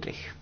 dveh.